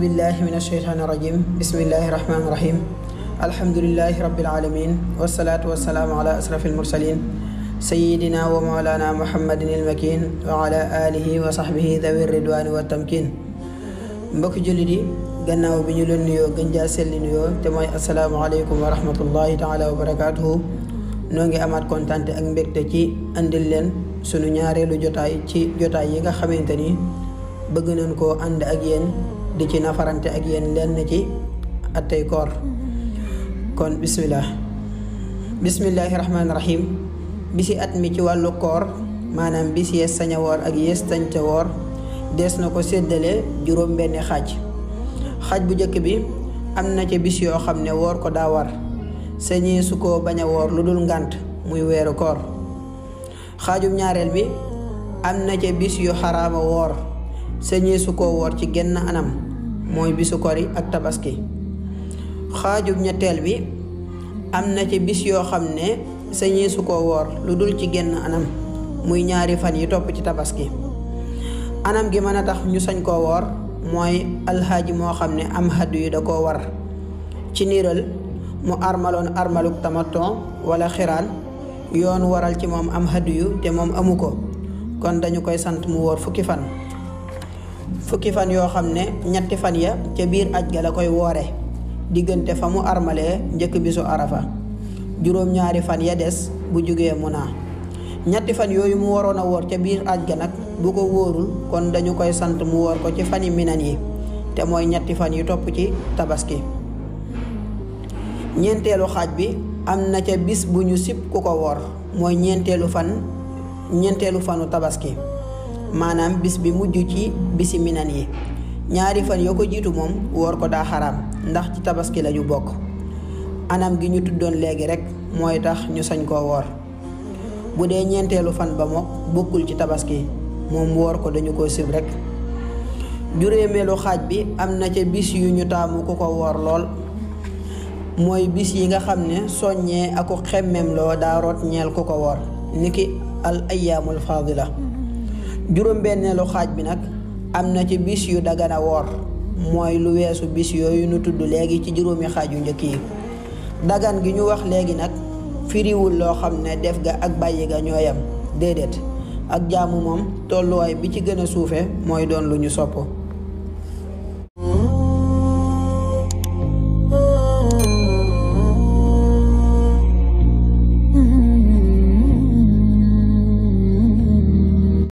بالله من الشيطان الرجيم بسم الله الرحمن الرحيم الحمد لله رب العالمين والصلاة والسلام على أسرف المرسلين سيدنا ومولانا محمد المكين وعلى آله وصحبه ذوي الردوان والتمكين بك جلدي جنا وبنجل نيو جنجا سل نيو تماي السلام عليكم ورحمة الله تعالى وبركاته نونجي أمات كونتانت أنبك تكي أندلين سنو نياري لجوتاي تي جوتاي يغا خمين تني بغنن كو أند أجين di ci nafarante ak yeen lenn ci atay koor kon bismillah bismillahi rahmaani rahim bisi at mi ci walu koor manam bisi yes saña wor ak yees sañca wor des na ko séddale juróom benn xaj xaj bu njëkk bi amna na bis yo xamne wor ko da war señi su ko baña wor ngant muy wéru koor xajum ñaarel bi am na bis yu harama wor señi su ko wor ci genn anam moy bisu kori ak tabaski xajuk ñettel bi amna ci bis yo xamne ne su lu ci genn anam muy ñaari fan yi top ci tabaski anam gi mën tax ñu sañ ko wor moy al haji mo xamne am haddu yi da ko war ci niral mu armalon armaluk tamatto wala khiran yoon waral ci mom am haddu yu te mom amuko kon dañu koy mu wor fukki fan fukki fan yoo xam ne ñetti fan ya ca biir aj ga la koy woore diggante fa mu armalee bisu arafa juróom ñaari fan ya des bu jugee munaa ñetti fan yooyu mu waroon a woor ca biir aj ga nag bu ko wóorul kon dañu koy sant mu woor ko ci fani minan yi te mooy ñetti fan yu topp ci tabaski ñeenteelu xaaj bi am na ca bis bu ñu sib ku ko woor mooy ñeenteelu fan ñeenteelu fanu tabaski maanaam bis bi mujj ci bisi minan yi ñaari fan yoo ko jiitu moom woor ko daa ndax ci tabaski la ñu bokk anam gi ñu tuddoon léegi rek mooy tax ñu sañ koo woor bu dee ñeenteelu fan ba mook bokkul ci tabaski moom woor ko dañu ko sib rek juróomeelu xaaj bi am na ci bis yu ñu taamu ku ko woor lool mooy bis yi nga xam ne soññee aku xemmem loo daa root ñeel ku ko woor niki al ayyaamul faadila juróom-benneelu xaaj bi nag am na ci bis yu dagana woor mooy lu weesu bis yooyu nu tudd léegi ci juróomi xaaj yu njëkk yi dagan gi ñu wax léegi nag firiwul loo xam ne def ga ak bàyyi nga ñooyam déedéet ak jaamu moom tolluwaay bi ci gën a suufe mooy doon lu ñu sopp